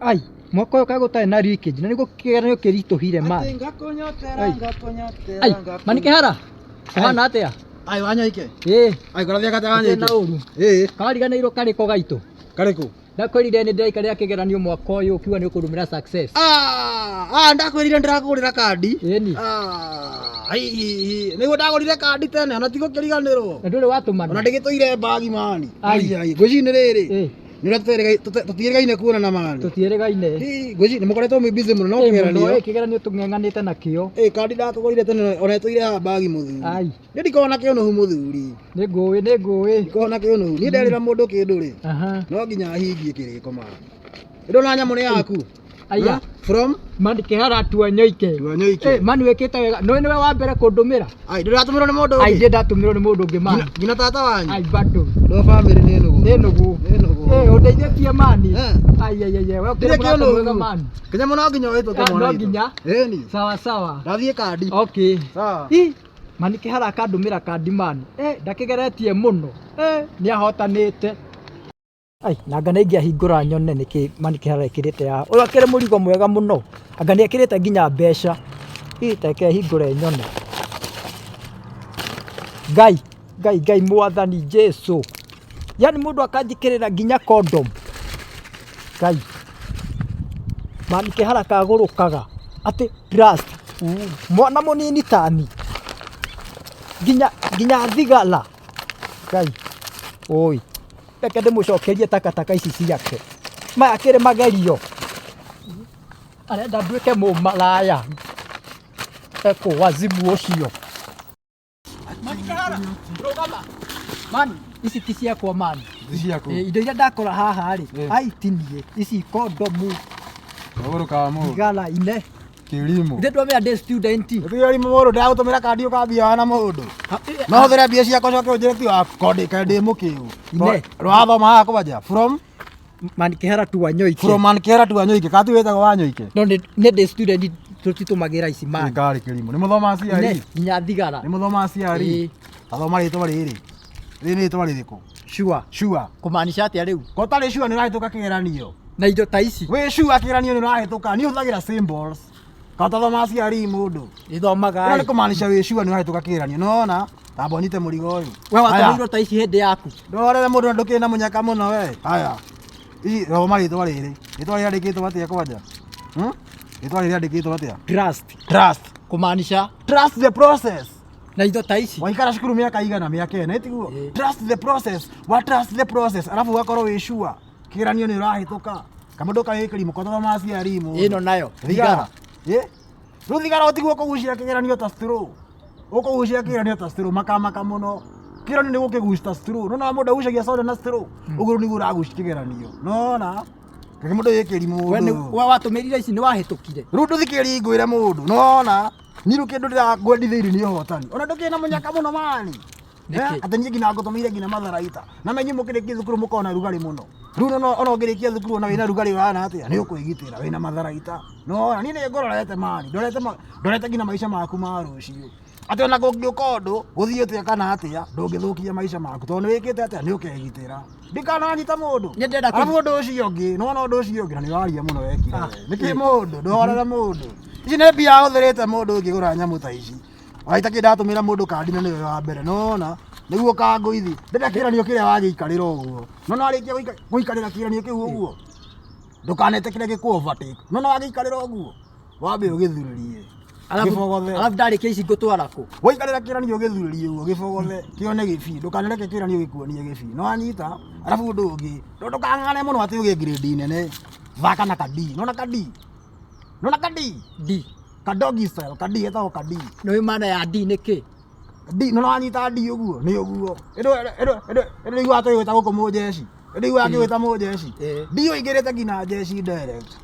ai mwaka ũyũ kagũtarĩ na rikĩji na niko kera nĩguo kĩgeranio hire ma manikĩhara kũhana atĩa ai ke wanyoike ai kora gana iro kũrathia kata wanyoike na ũru kariganĩirwo karĩko gaitũ karĩkũ ndakwĩrire nĩ ndĩraikarĩra kĩgeranio mwaka ũyũ ũkiuga nĩ ũkũndũmĩra success ah ah nda kadi ndakwĩrire ndĩrakũgũrĩra kandi ĩni nĩguo ndagũrire kandi tene ona tigũkĩriganĩrwo na ndũrĩ watũmana ona ndĩgĩtũire mbagi mani ai ai ngwĩci nĩ rĩrĩ Nä å tutiärägaine kuona na marä tå tiärägaine nä må koretwo busy må no no kĩgeranio kä geranio tå ng'eng'anä te nakä o tene ona tå ire haha mbagi må thuri nä ndikorwo na kä å nä hu må thuri nä ngå ä nä ngå ä ndikorwo na ndå kä ndå no nginya ahingie kä ma ä ndona nyamå nä yaku aya from man kihara tuanyoike tuanyoike eh, man wekete wega no niwe wa mbere kundumira ai ndu ratumirwo ni mundu ai ndi ndatumirwo ni mundu ngi ngina tata wanyu ai bado ndo family ni nugu ni nugu ni nugu ndeithia kie mani kinya muno nginya wetwo no nginya ah, sawa sawa ndathiä kandi okay sawa mani kä hara akandå mä ra kandi mani ndakägeretie må no nä ahotanä te na anga ingä ahingå ra nyone nä kä mani kä hara ä kä rä te ya å yå akä rä må rigo mwega må no anga nä ekä rä te nginya mbeca iteke hingå re nyone ngai ngai ngai mwathani jesu yani mundu akanjikirira nginya condom kai mami kihara kagurukaga ati trust mwana munini tani nginya nginya thigala kai oi reke ndimucokerie takataka ici ciake maya kiri magerio arenda nduike mumaraya eko wazimu ucio rugama Man, isi ti ciakwa man. Ti ciakwa. Eh, Indo iria ndakora haha rĩ, eh. aitinie ici kondomu. Kaũru ka mu. gala ine. Kirimo. Ndĩ ndwamenya ndĩ student. Thigari mũrũ ndagũtũmĩra kandi ũkambia na mũndũ. No eh, hũthĩre mbia ciakwa ko ũnjĩre ti wa demo ndĩ mũkĩu. Ine. Rwathoma haha kwanja. From kehera tu Wanyoike. From man kehera tu Wanyoike. Kati ko Wanyoike. No nĩ ndĩ student tũtitũmagĩra ici ma. Nĩ ngarĩ kĩrimo. Nĩ mũthomaga CRE? E. Nginya thigara. Nĩ siari. CRE? Athoma rĩtwa rĩrĩ. ritwa ririko sure shua kumaanisha atia riu ko tari sure ni urahituka kigeranio na indo ta ici wi sure kigeranio ni urahituka ni uthagira symbols kautathoma ciari mundu ithomaga ni kumaanisha wi sure ni urahituka kigeranio nona tamba nyite murigo uyu we watamirwo ta ici hindi yaku ndorere mundu na ndukiri na munyaka muno we haya ici thoma ritwa riri ritwa riri randikitwo atia kwanja hmm? ritwa riri randikitwo atia trust trust kumaanisha trust the process na itho ta ici waikara shukuru miaka igana miaka ene itiguo trust the process wa trust the process alafu ugakorwo wi sure kiranio ni urahituka kama ndukawikiri mukothoro ma aciari mu ino nayo thigara riu thigara utiguo ukugucia kiranio ta stro ukugucia kiranio ta stro makamaka muno kiranio ni gukigucia ta stro no nona mundu agucagia soda na stro uguru hmm. niguo kiranio no na Rä må ndå kä mundu watå mä rire ici nä wahätå kire rä u ndå thikä ri ngwä re må ndå nona nirå kä ndå ndä ragwendithä iri nä å hotani ona ndå kä na må nyaka må no mani eh, atä niä nginya ngå tå mä ire nginya matharaita na menye må kä rä kie thukuru må kona rugarä må no rä u ona å ngä rä kia thukuru ona wä na rugarä å rana atä a nä å kwä gitä ra wä na matharaita nona niä nä ngororete mani ndorete nginya maica maku ma rå atä ona gå ngä å ka å ndå gå thiä å tä a kana atä a ndå ngä thå kia maica maku tondå nä wä kä te atä a nä å kegitä ra ndikananyita må ndå arabu å ndå å cio å ngä nona å ndå å cio na nä waria må no wekire ah, nä kä må ndå ndåhorere må ndå ici nä mbia hå thä rä te må ndå å ngä gå ra nyamå ta ici waita kä ndatå mä ra må ndå kandina nä we wa mbere nona nä guo kangå ndenda kä ranio kä rä a nona warä kia gå ikarä ra kä ranio kä u å guo ndå kanete kä rä a gä kå no na wagä ikarä ra å guo wambe å gä Alafu kesi ngutwara ku waikarira kiranio githuriri uguo gibogothe kione gibi ndukanareke kiranio gikuonie gibi no anyita alafu undu ungi ndukang'ane muno ati ugie grade nene thaka na kadi nona kadi nona kadi d kadogi style kadi etagwo kadi no imana ya d niki d no anyita d uguo ni uguo ndo ndo ndo igwa ati gwita guku mujeci ndo igwa agigwita mujeci d oigirite nginya jeci direct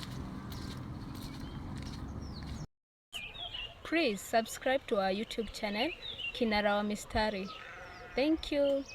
Please subscribe to our YouTube channel Kinara wa Mistari. Thank you.